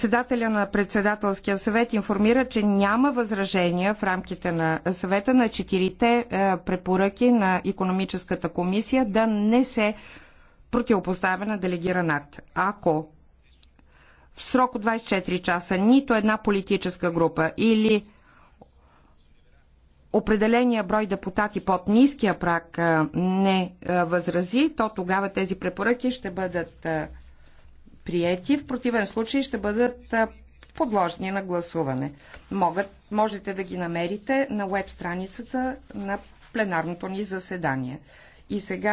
Председателя на председателския съвет информира, че няма възражения в рамките на съвета на четирите е, препоръки на економическата комисия да не се противопоставя на делегиран акт. Ако в срок от 24 часа нито една политическа група или определения брой депутати под ниския прак е, не е, възрази, то тогава тези препоръки ще бъдат приети, в противен случай ще бъдат подложени на гласуване. Могат, можете да ги намерите на веб страницата на пленарното ни заседание. И сега